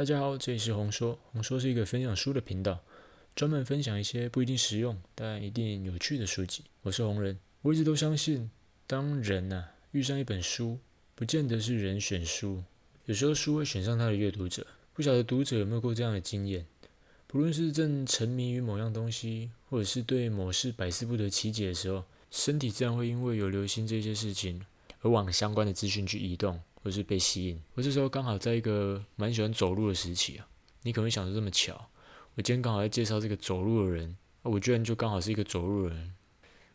大家好，這裡是紅說。紅說是一個分享書的頻道，專門分享一些不一定實用但一定有趣的書籍。我是紅人，我一直都相信，當人吶、啊、遇上一本書，不見得是人選書，有時候書會選上他的閱讀者。不曉得讀者有沒有過這樣的經驗？不論是正沉迷於某樣東西，或者是對某事百思不得其解的時候，身體自然會因為有留心這些事情，而往相關的資訊去移動，或是被吸引，我這時候剛好在一個蠻喜歡走路的時期啊，你可能會想說這麼巧，我今天剛好在介紹這個走路的人，啊，我居然就剛好是一個走路的人，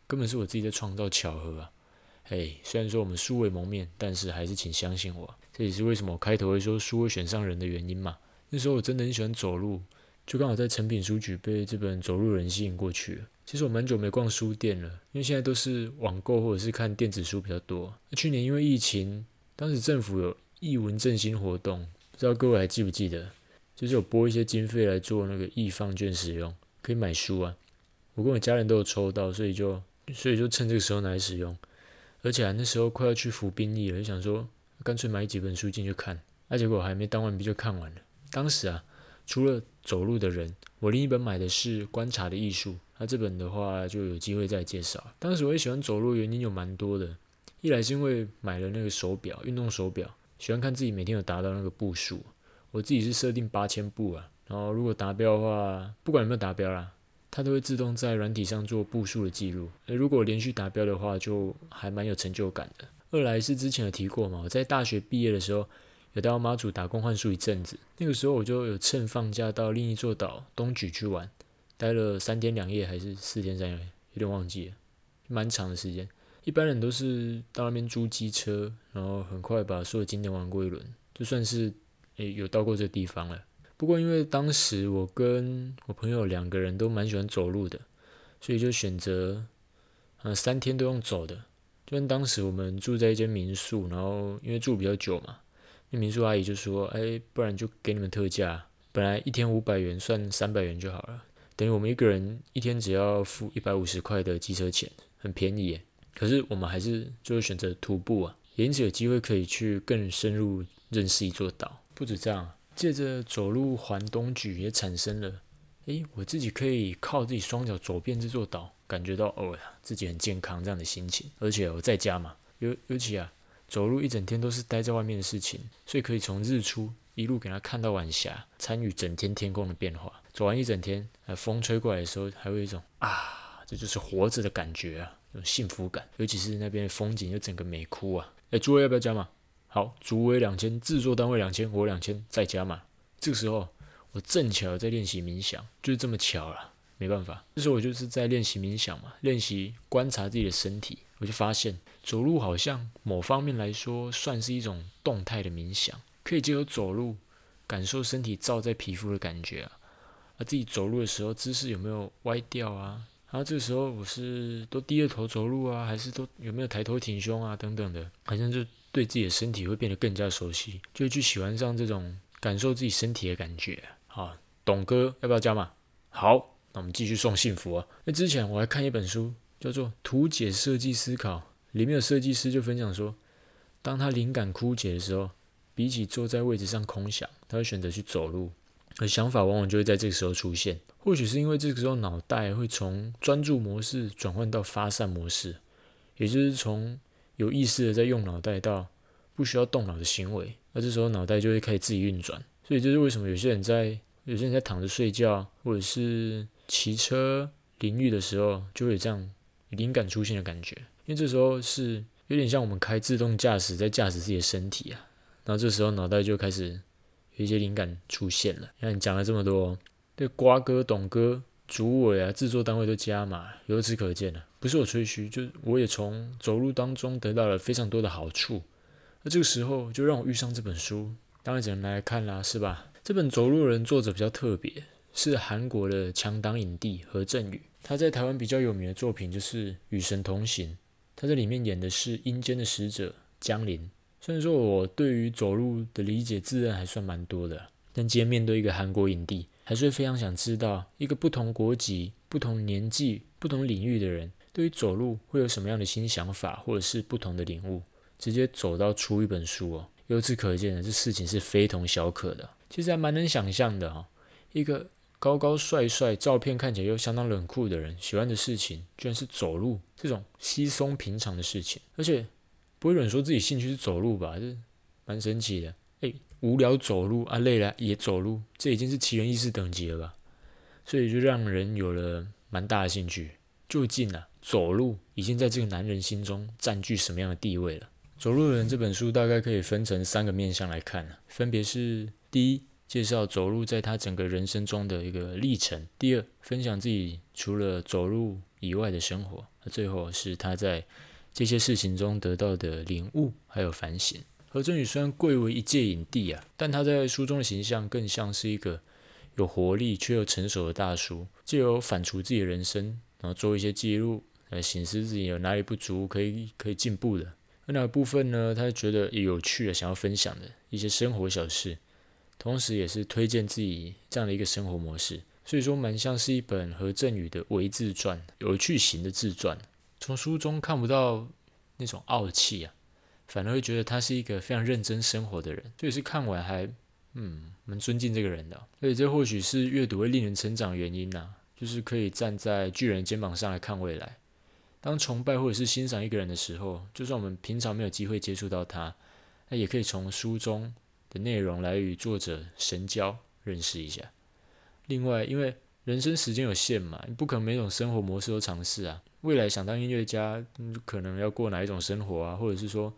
根本是我自己在創造巧合啊！嘿，雖然說我們素未謀面，但是還是請相信我，這也是為什麼我開頭會說書會選上人的原因嘛。那時候我真的很喜歡走路，就剛好在誠品書局被這本《走路人》吸引過去了。其實我蠻久沒逛書店了，因為現在都是網購或者是看電子書比較多。那去年因為疫情。當時政府有藝文振興活動，不知道各位還記不記得？就是有撥一些經費來做那個藝 FUN 券使用，可以買書啊。我跟我家人都有抽到，所以就所以就趁這個時候拿來使用。而且啊，那時候快要去服兵役了，就想說乾脆買幾本書進去看。那、啊、結果還沒當完兵就看完了。當時啊，除了走路的人，我另一本買的是《觀察的藝術》啊，那這本的話就有機會再介紹。當時我也喜歡走路，原因有蠻多的。一來是因為買了那個手表，運動手表，喜歡看自己每天有達到那個步數，我自己是設定八千步啊，然後如果達標的話，不管有沒有達標啦，它都會自動在軟體上做步數的記錄，而如果連續達標的話，就還蠻有成就感的。二來是之前有提過嘛，我在大學畢業的時候，有到馬祖打工換宿一陣子，那個時候我就有趁放假到另一座島東莒去玩，待了三天兩夜還是四天三夜，有點忘記了，蠻長的時間。一般人都是到那邊租機車，然後很快把所有景點玩過一輪，就算是誒、欸、有到過這個地方了。不過因為當時我跟我朋友兩個人都蠻喜歡走路的，所以就選擇啊、呃、三天都用走的。就跟當時我們住在一間民宿，然後因為住比較久嘛，那民宿阿姨就說：“哎、欸，不然就給你們特價，本來一天五百元，算三百元就好了，等於我們一個人一天只要付一百五十塊的機車錢，很便宜誒。”可是我們還是最後選擇徒步啊，也因此有機會可以去更深入認識一座島。不止這樣啊，借着走路環東莒，也產生了，誒，我自己可以靠自己雙腳走遍這座島，感覺到哦呀，自己很健康這樣的心情。而且我在家嘛，尤尤其啊，走路一整天都是待在外面的事情，所以可以從日出一路給他看到晚霞，參與整天天空的變化。走完一整天，風吹過來的時候，還會有一種啊，這就是活着的感覺啊。有幸福感，尤其是那邊的風景，又整個美哭啊！哎、欸，諸位要不要加碼？好，主委兩千，製作單位兩千，我兩千再加碼？這個時候我正巧有在練習冥想，就是這麼巧了，沒辦法。這個、時候我就是在練習冥想嘛，練習觀察自己的身體，我就發現走路好像某方面來說算是一種動態的冥想，可以藉由走路感受身體照在皮膚的感覺啊，啊自己走路的時候姿勢有沒有歪掉啊？然後、啊、這個時候，我是都低着頭走路啊，還是都有沒有抬頭挺胸啊？等等的，好像就對自己的身體會變得更加熟悉，就會去喜歡上這種感受自己身體的感覺。好，董哥要不要加碼？好，那我們繼續送幸福啊。那之前我還看一本書，叫做《圖解設計思考》，裡面有設計師就分享說，當他靈感枯竭的時候，比起坐在位置上空想，他會選擇去走路。而想法往往就會在這個時候出現，或許是因為這個時候腦袋會從專注模式轉換到發散模式，也就是從有意識的在用腦袋到不需要動腦的行為，那這時候腦袋就會開始自己運轉。所以這是為什麼有些人在有些人在躺着睡覺，或者是騎車、淋浴的時候，就會有這樣靈感出現的感覺，因為這時候是有點像我們開自動駕駛在駕駛自己的身體啊，那這時候腦袋就開始。有一些靈感出現了。那你講了這麼多，對瓜哥、董哥、主委啊，製作單位都加碼，由此可見呢，不是我吹噓，就我也從走路當中得到了非常多的好處。那這個時候就讓我遇上這本書，當然只能來，來看啦，是吧？這本《走路的人》作者比較特別，是韓國的強檔影帝河正宇。他在台灣比較有名的作品就是《與神同行》，他在裡面演的是陰間的使者江林。雖然說，我對於走路的理解自然還算蠻多的，但今天面對一個韓國影帝，還是會非常想知道一個不同國籍、不同年紀、不同領域的人，對於走路會有什麼樣的新想法，或者是不同的領悟。直接走到出一本書哦，由此可見呢，這事情是非同小可的。其實還蠻能想象的哦，一個高高帥帥、照片看起來又相當冷酷的人，喜歡的事情居然是走路這種稀鬆平常的事情，而且。不會有人說自己興趣是走路吧，這蠻神奇的。誒，無聊走路啊，累了也走路，這已經是奇人異事等級了吧？所以就讓人有了蠻大的興趣。究竟啊，走路已經在這個男人心中佔據什麼樣的地位了？《走路的人》這本書大概可以分成三個面向來看啊，分別是：第一，介紹走路在他整個人生中的一個歷程；第二，分享自己除了走路以外的生活；最後是他在。這些事情中得到的領悟，還有反省。河正宇雖然貴為一介影帝啊，但他在書中的形象更像是一個有活力卻又成熟的大叔，借由反芻自己的人生，然後做一些記錄來審視自己有哪裡不足，可以可以進步的。而那部分呢？他覺得有趣的、啊，想要分享的一些生活小事，同時也是推薦自己這樣的一個生活模式。所以說，蠻像是一本河正宇的微自傳，有趣型的自傳。從書中看不到那種傲氣啊，反而會覺得他是一個非常認真生活的人。這也是看完還，嗯，蠻尊敬這個人的。所以這或許是閱讀會令人成長的原因吶啊，就是可以站在巨人肩膀上來看未來。當崇拜或者是欣賞一個人的時候，就算我們平常沒有機會接觸到他，那也可以從書中的內容來與作者神交，認識一下。另外，因為人生時間有限嘛，你不可能每種生活模式都嘗試啊。未來想當音樂家，嗯，可能要過哪一種生活啊？或者是說，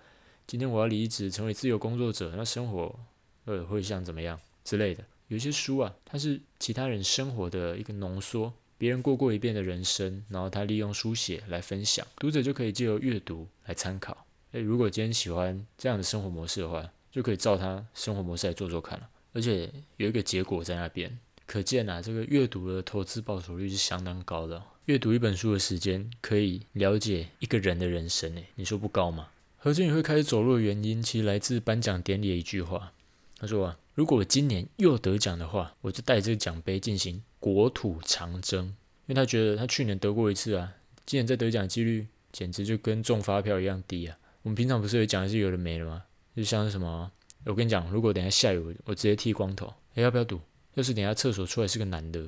今天我要離職成為自由工作者，那生活呃會像怎麼樣之類的？有些書啊，它是其他人生活的一個濃縮，別人過過一遍的人生，然後他利用書寫來分享，讀者就可以借由閱讀來參考。誒，如果今天喜歡這樣的生活模式的話，就可以照他生活模式來做做看了。而且有一個結果在那邊。可見啊，這個閱讀的投資報酬率是相當高的哦。閱讀一本書的時間，可以了解一個人的人生，哎，你說不高嗎？河正宇會開始走路的原因，其實來自頒獎典禮的一句話。他說啊，如果我今年又得獎的話，我就帶這個獎盃進行國土長征。因為他覺得他去年得過一次啊，今年再得獎的幾率簡直就跟中發票一樣低啊。我們平常不是有講，一些有的沒的嗎？就像是什麼啊，我跟你講，如果等一下下雨，我我直接剃光頭，哎，要不要賭？要是等下廁所出來是個男的，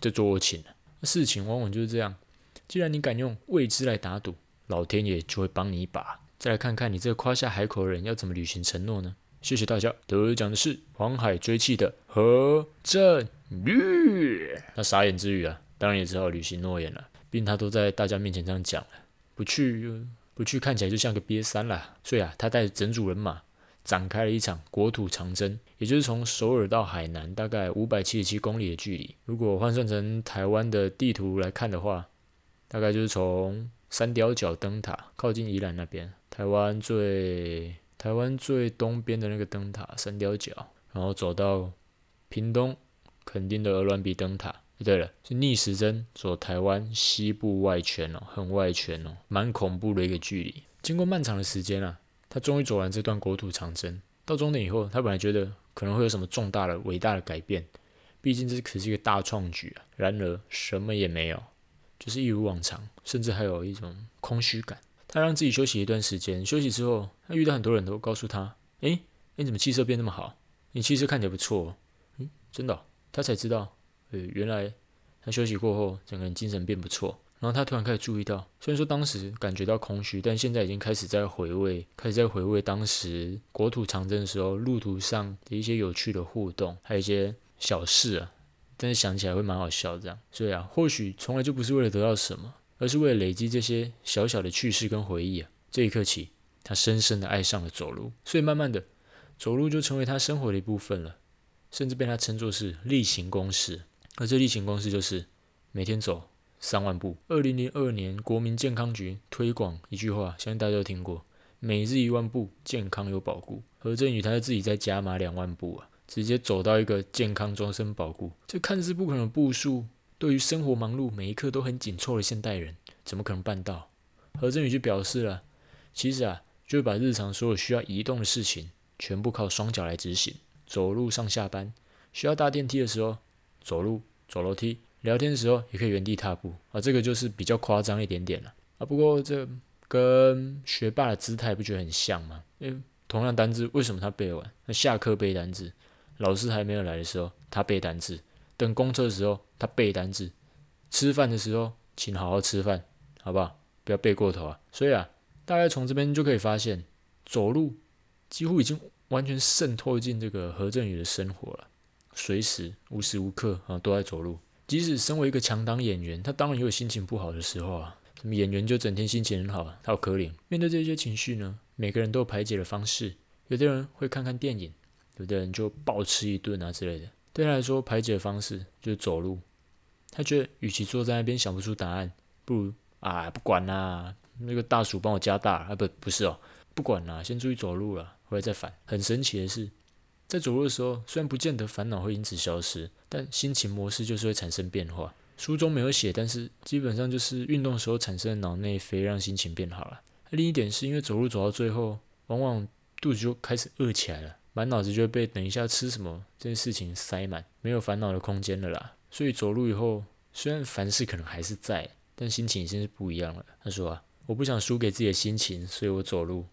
就做我情了、啊。事情往往就是這樣，既然你敢用未知來打賭，老天爺就會幫你一把。再來看看你這個誇下海口的人要怎麼履行承諾呢？謝謝大家，得獎的是黃海追緝的河正宇。他傻眼之餘啊，當然也只好履行諾言了、啊，畢竟他都在大家面前這樣講了，不去不去，看起來就像個癟三啦。所以啊，他帶着整組人馬。展開了一場國土長征，也就是從首爾到海南，大概五百七十七公里的距離。如果換算成台灣的地圖來看的話，大概就是從三貂角燈塔靠近宜蘭那邊，台灣最台灣最東邊的那個燈塔三貂角，然後走到屏東墾丁的鵝鑾鼻燈塔。就對了，是逆時針走台灣西部外圈哦，很外圈哦，蠻恐怖的一個距離。經過漫長的時間啊。他終於走完這段國土長征，到終點以後，他本來覺得可能會有什麼重大的、偉大的改變，畢竟這可是一個大創舉啊。然而什麼也沒有，就是一如往常，甚至還有一種空虛感。他讓自己休息一段時間，休息之後，他遇到很多人都告訴他：“哎，欸，欸，你怎麼氣色變那麼好？你氣色看起來不錯哦。”嗯，真的哦，他才知道，呃，原來他休息過後，整個人精神變不錯。然後他突然開始注意到，雖然說當時感覺到空虛，但現在已經開始在回味，開始在回味當時國土長征的時候路途上的一些有趣的互動，還有一些小事啊，但是想起來會蠻好笑的這樣。所以啊，或許從來就不是為了得到什麼，而是為了累積這些小小的趣事跟回憶啊。這一刻起，他深深的愛上了走路，所以慢慢的，走路就成為他生活的一部分了，甚至被他稱作是例行公事。而這例行公事就是每天走三萬步。二零零二年，國民健康局推廣一句話，相信大家都聽過：每日一萬步，健康有保固。河正宇他就自己再加碼兩萬步啊，直接走到一個健康終身保固。這看似不可能的步數，對於生活忙碌、每一刻都很緊湊的現代人，怎麼可能辦到？河正宇就表示了：其實啊，就把日常所有需要移動的事情，全部靠雙腳來執行。走路上下班，需要搭電梯的時候，走路，走樓梯。聊天的時候也可以原地踏步啊，這個就是比較誇張一點點了啊。不過這個跟學霸的姿態不覺得很像嗎？為、欸、同樣的單字，為什麼他背完？那下課背單字，老師還沒有來的時候他背單字。等公車的時候他背單字。吃飯的時候請好好吃飯，好不好？不要背過頭啊。所以啊，大概從這邊就可以發現，走路幾乎已經完全滲透進這個河正宇的生活了，隨時無時無刻啊都在走路。即使身為一個強檔演員，他當然也有心情不好的時候啊。什麼演員就整天心情很好啊？他好可憐。面對這些情緒呢，每個人都有排解的方式，有的人會看看電影，有的人就暴吃一頓啊之類的。對他來說，排解的方式就是走路。他覺得，與其坐在那邊想不出答案，不如啊，不管啦、啊，那個大鼠幫我加大啊，不，不是哦，不管啦、啊，先注意走路了，回來再反。很神奇的是。在走路的時候，雖然不見得煩惱會因此消失，但心情模式就是會產生變化。書中沒有寫，但是基本上就是運動的時候產生的腦內啡，讓心情變好了。另一點是因為走路走到最後，往往肚子就開始餓起來了，滿腦子就被等一下吃什麼這件事情塞滿，沒有煩惱的空間了啦。所以走路以後，雖然凡事可能還是在，但心情已經是不一樣了。他說啊，我不想輸給自己的心情，所以我走路，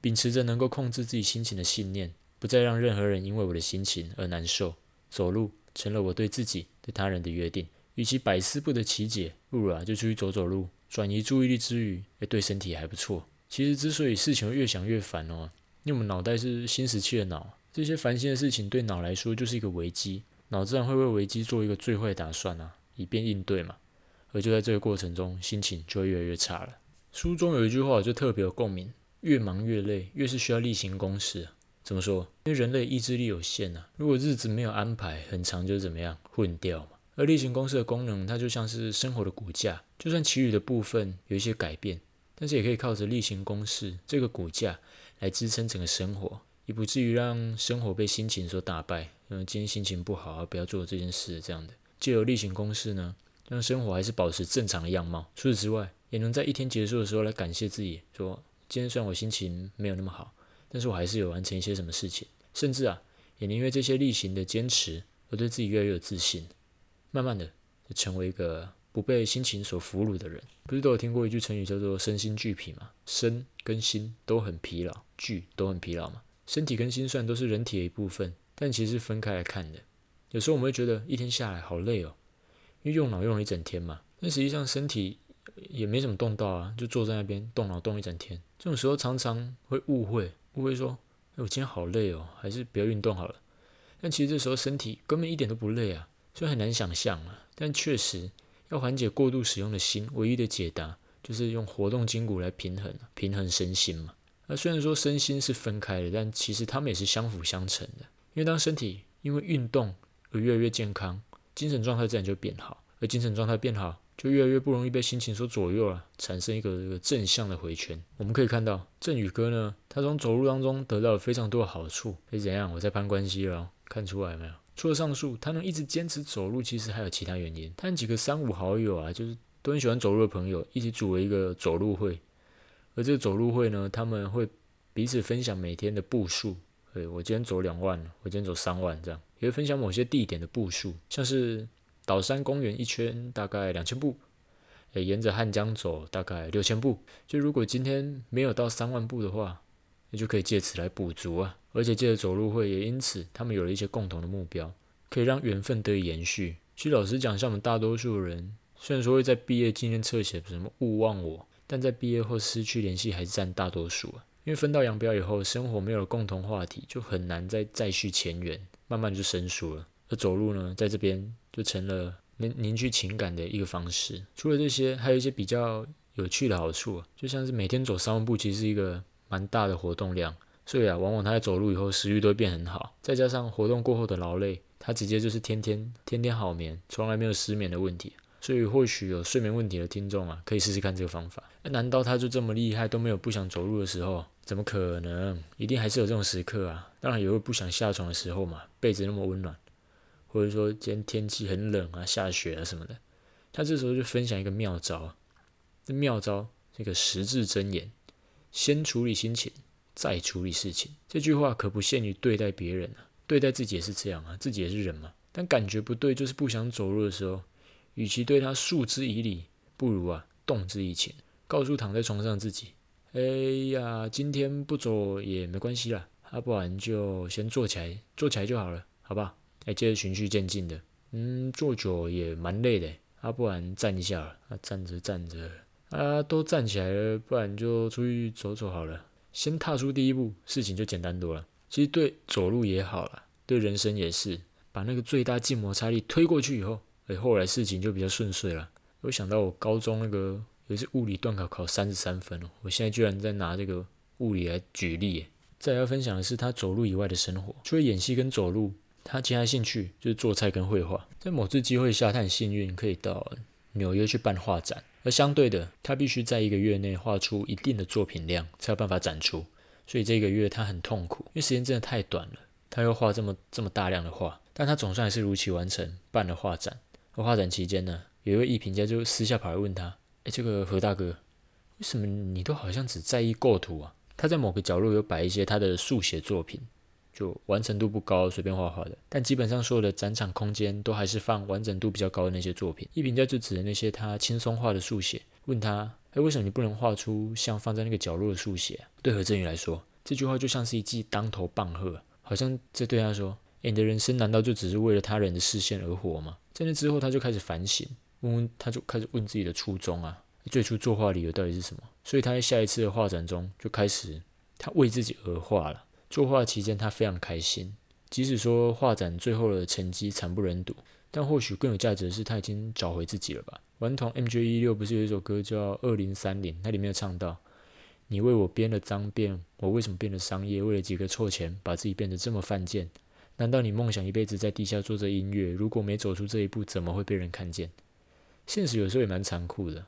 秉持着能夠控制自己心情的信念。不再讓任何人因為我的心情而難受，走路成了我對自己、對他人的約定。與其百思不得其解，不如啊就出去走走路，轉移注意力之餘，哎，對身體還不錯。其實之所以事情會越想越煩哦，因為我們腦袋是新石器的腦，這些煩心的事情對腦來說就是一個危機，腦自然會為危機做一個最壞的打算啊，以便應對嘛。而就在這個過程中，心情就會越來越差了。書中有一句話我就特別有共鳴：越忙越累，越是需要例行公事。怎麼說？因為人類意志力有限吶。如果日子沒有安排，很長就怎麼樣混掉嘛。而例行公事的功能，它就像是生活的骨架。就算其餘的部分有一些改變，但是也可以靠着例行公事這個骨架來支撐整個生活，也不至於讓生活被心情所打敗。嗯，今天心情不好啊，不要做這件事這樣的。借由例行公事呢，讓生活還是保持正常的樣貌。除此之外，也能在一天結束的時候來感謝自己，說今天雖然我心情沒有那麼好。但是我還是有完成一些什麼事情，甚至啊，也因為這些例行的堅持，而對自己越來越有自信，慢慢的就成為一個不被心情所俘虜的人。不是都有聽過一句成語叫做“身心俱疲”嗎？身跟心都很疲勞，俱都很疲勞嘛。身體跟心算都是人體的一部分，但其實是分開來看的。有時候我們會覺得一天下來好累哦，因為用腦用了一整天嘛，但實際上身體也沒怎麼動到啊，就坐在那邊動腦動一整天。這種時候常常會誤會。不會說，欸，我今天好累哦，還是不要運動好了。但其實這時候身體根本一點都不累啊，所以很難想象啊。但確實要緩解過度使用的心，唯一的解答就是用活動筋骨來平衡，平衡身心嘛。那、啊、雖然說身心是分開的，但其實他們也是相輔相成的。因為當身體因為運動而越來越健康，精神狀態自然就變好，而精神狀態變好。就越來越不容易被心情所左右了、啊，產生一個這個正向的回圈。我們可以看到，正宇哥呢，他從走路當中得到了非常多的好處。誒，怎樣？我在攀關係了，看出來沒有？除了上述，他能一直堅持走路，其實還有其他原因。他幾個三五好友啊，就是都很喜歡走路的朋友，一起組了一個走路會。而這個走路會呢，他們會彼此分享每天的步數。對我今天走兩萬，我今天走三萬，這樣也會分享某些地點的步數，像是。島山公園一圈大概兩千步，誒，沿着漢江走大概六千步。就如果今天沒有到三萬步的話，也就可以借此來補足啊。而且借着走路會，也因此他們有了一些共同的目標，可以讓緣分得以延續。其實老實講，像我們大多數的人，雖然說會在畢業紀念冊寫什麼勿忘我，但在畢業後失去聯繫還是佔大多數啊。因為分道揚鑣以後，生活沒有了共同話題，就很難再再續前緣，慢慢就生疏了。而走路呢，在這邊就成了凝凝聚情感的一個方式。除了這些，還有一些比較有趣的好處啊，就像是每天走三萬步，其實是一個蠻大的活動量，所以啊，往往他在走路以後，食慾都會變很好。再加上活動過後的勞累，他直接就是天天天天好眠，從來沒有失眠的問題。所以或許有睡眠問題的聽眾啊，可以試試看這個方法。那難道他就這麼厲害，都沒有不想走路的時候？怎麼可能？一定還是有這種時刻啊。當然，也會不想下床的時候嘛，被子那麼溫暖。或者說今天天氣很冷啊，下雪啊什麼的，他這時候就分享一個妙招，啊。這妙招，這個十字真言：先處理心情，再處理事情。這句話可不限於對待別人啊，對待自己也是這樣啊。自己也是人嘛，但感覺不對，就是不想走路的時候，與其對他樹之以理，不如啊動之以情，告訴躺在床上自己：“哎呀，今天不走也沒關係啦，要，啊，不然就先坐起來，坐起來就好了，好不好？”哎，接着循序漸進的，嗯，坐久也蠻累的，啊，不然站一下了，啊，站着站着，啊，都站起來了，不然就出去走走好了。先踏出第一步，事情就簡單多了。其實對走路也好了，對人生也是，把那個最大靜摩擦力推過去以後，哎、欸，後來事情就比較順遂了。我想到我高中那個有一次物理段考考三十三分哦、喔，我現在居然在拿這個物理來舉例。再來要分享的是他走路以外的生活，除了演戲跟走路。他其他興趣就是做菜跟繪畫，在某次機會下，他很幸運可以到紐約去辦畫展，而相對的，他必須在一個月內畫出一定的作品量，才有辦法展出。所以這一個月他很痛苦，因為時間真的太短了，他又畫這麼這麼大量的畫，但他總算還是如期完成，辦了畫展。而畫展期間呢，有一位藝評家就私下跑來問他：“哎、欸，這個河大哥，為什麼你都好像只在意構圖啊？”他在某個角落有擺一些他的速寫作品。就完成度不高，隨便畫畫的。但基本上所有的展場空間都還是放完整度比較高的那些作品。一評價就指的那些他輕鬆畫的速寫。問他，哎、欸，為什麼你不能畫出像放在那個角落的速寫、啊？對河正宇來說，這句話就像是一記當頭棒喝，好像在對他說、欸：，你的人生難道就只是為了他人的視線而活嗎？在那之後，他就開始反省，問,問他就開始問自己的初衷啊，欸、最初作畫理由到底是什麼？所以他在下一次的畫展中，就開始他為自己而畫了。作畫期間，他非常開心。即使說畫展最後的成績慘不忍睹，但或許更有價值的是，他已經找回自己了吧。頑童 M J 一六不是有一首歌叫《二零三零》，它裡面有唱到：“你為我編了髒辮，我為什麼編了商業？為了幾個臭錢，把自己變得這麼犯賤？難道你夢想一輩子在地下做着音樂？如果沒走出這一步，怎麼會被人看見？現實有時候也蠻殘酷的。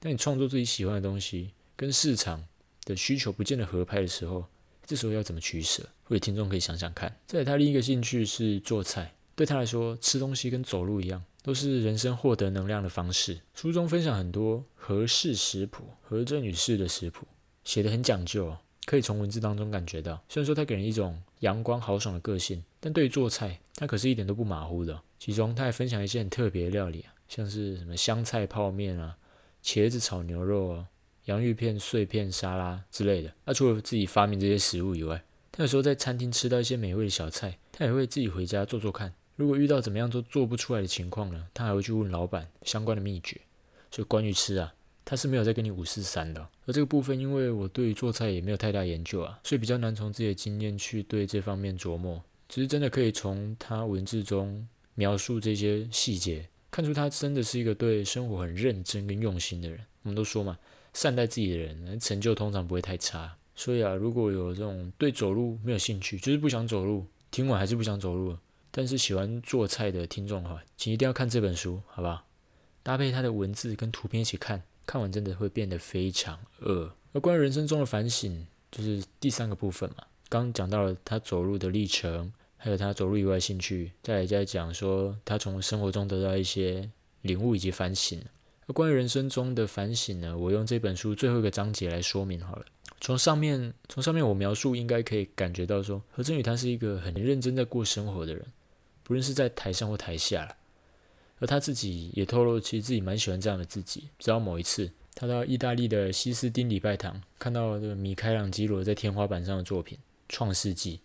當你創作自己喜歡的東西，跟市場的需求不見得合拍的時候。”這時候要怎麼取舍？或者聽眾可以想想看。在他另一個興趣是做菜，對他來說，吃東西跟走路一樣，都是人生獲得能量的方式。書中分享很多河式食譜，河正宇式的食譜，寫得很講究哦，可以從文字當中感覺到。雖然說他給人一種陽光豪爽的個性，但對於做菜，他可是一點都不馬虎的。其中他還分享一些很特別的料理啊，像是什麼香菜泡面啊，茄子炒牛肉哦，啊。洋芋片、碎片、沙拉之類的。那、啊、除了自己發明這些食物以外，他有時候在餐廳吃到一些美味的小菜，他也會自己回家做做看。如果遇到怎麼樣都做不出來的情況呢，他還會去問老闆相關的秘訣。所以關於吃啊，他是沒有在跟你五四三的。而這個部分，因為我對於做菜也沒有太大研究啊，所以比較難從自己的經驗去對這方面琢磨。只是真的可以從他文字中描述這些細節，看出他真的是一個對生活很認真跟用心的人。我們都說嘛。善待自己的人，成就通常不會太差。所以啊，如果有這種對走路沒有興趣，就是不想走路，聽完還是不想走路，但是喜歡做菜的聽眾哈，請一定要看這本書，好不好？搭配他的文字跟圖片一起看，看完真的會變得非常餓。而關於人生中的反省，就是第三個部分嘛，剛剛講到了他走路的歷程，還有他走路以外的興趣，再來再講說他從生活中得到一些領悟以及反省。而關於人生中的反省呢，我用這本書最後一個章節來說明好了。從上面，從上面我描述，應該可以感覺到說，河正宇他是一個很認真在過生活的人，不論是在台上或台下。而他自己也透露，其實自己蠻喜歡這樣的自己。直到某一次，他到意大利的西斯丁禮拜堂，看到了這個米開朗基羅在天花板上的作品《創世紀》，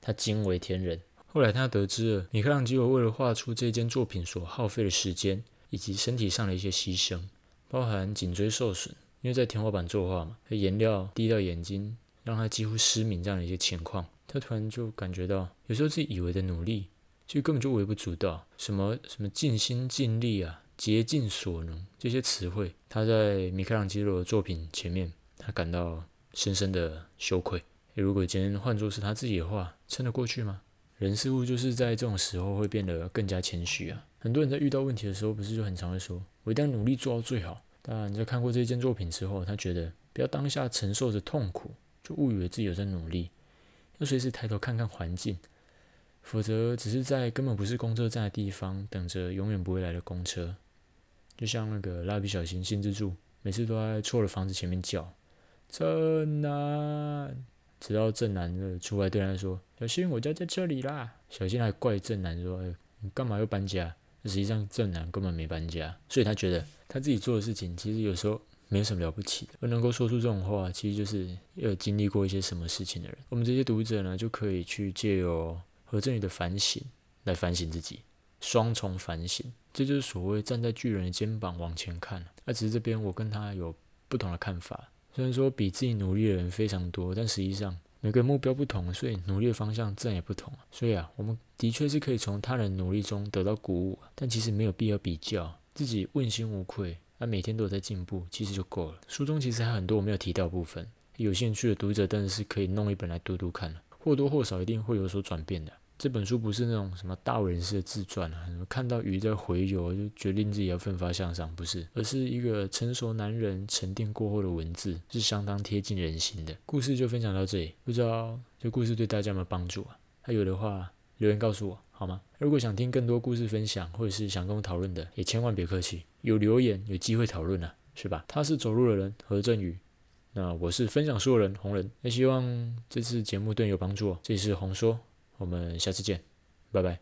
他驚為天人。後來他得知了米開朗基羅為了畫出這件作品所耗費的時間。以及身體上的一些犧牲，包含頸椎受損，因為在天花板作畫嘛，顏料滴到眼睛，讓他幾乎失明這樣的一些情況，他突然就感覺到，有時候自己以為的努力，就根本就微不足道。什麼什麼盡心盡力啊，竭盡所能這些詞彙，他在米開朗基羅的作品前面，他感到深深的羞愧。如果今天換作是他自己的話，撐得過去嗎？人事物就是在這種時候會變得更加謙虛啊。很多人在遇到問題的時候，不是就很常會說：“我一定要努力做到最好。”當然，在看過這件作品之後，他覺得不要當下承受着痛苦，就誤以為自己有在努力，要隨時抬頭看看環境，否則只是在根本不是公車站的地方等着永遠不會來的公車。就像那個蠟筆小新，新之助每次都在錯了房子前面叫正男，直到正男出來對他來說：“小新，我家在這裡啦。”小新還怪正男說：“哎，你幹嘛要搬家？”實際上，正男根本沒搬家，所以他覺得他自己做的事情其實有時候沒有什麼了不起的。而能夠說出這種話，其實就是要有經歷過一些什麼事情的人。我們這些讀者呢，就可以去借由河正宇的反省來反省自己，雙重反省，這就是所謂站在巨人的肩膀，往前看。那其實這邊我跟他有不同的看法。雖然說比自己努力的人非常多，但實際上。每個人目標不同，所以努力的方向自然也不同。所以啊，我們的確是可以從他人努力中得到鼓舞，但其實沒有必要比較，自己問心無愧，啊，每天都有在進步，其實就夠了。書中其實還有很多我沒有提到部分，有興趣的讀者當然是，是可以弄一本來讀讀看，或多或少一定會有所轉變的。這本書不是那種什麼大人士的自傳啊，什麼看到魚在洄游，就決定自己要奮發向上，不是，而是一個成熟男人沉澱過後的文字，是相當貼近人心的。故事就分享到這裡，不知道這故事對大家有沒有幫助啊？還有的話留言告訴我好嗎？如果想聽更多故事分享，或者是想跟我討論的，也千萬別客氣，有留言有機會討論啊，是吧？他是走路的人河正宇，那我是分享書的人紅人，那希望這次節目對你有幫助哦。這裡是紅說。我們下次見，拜拜。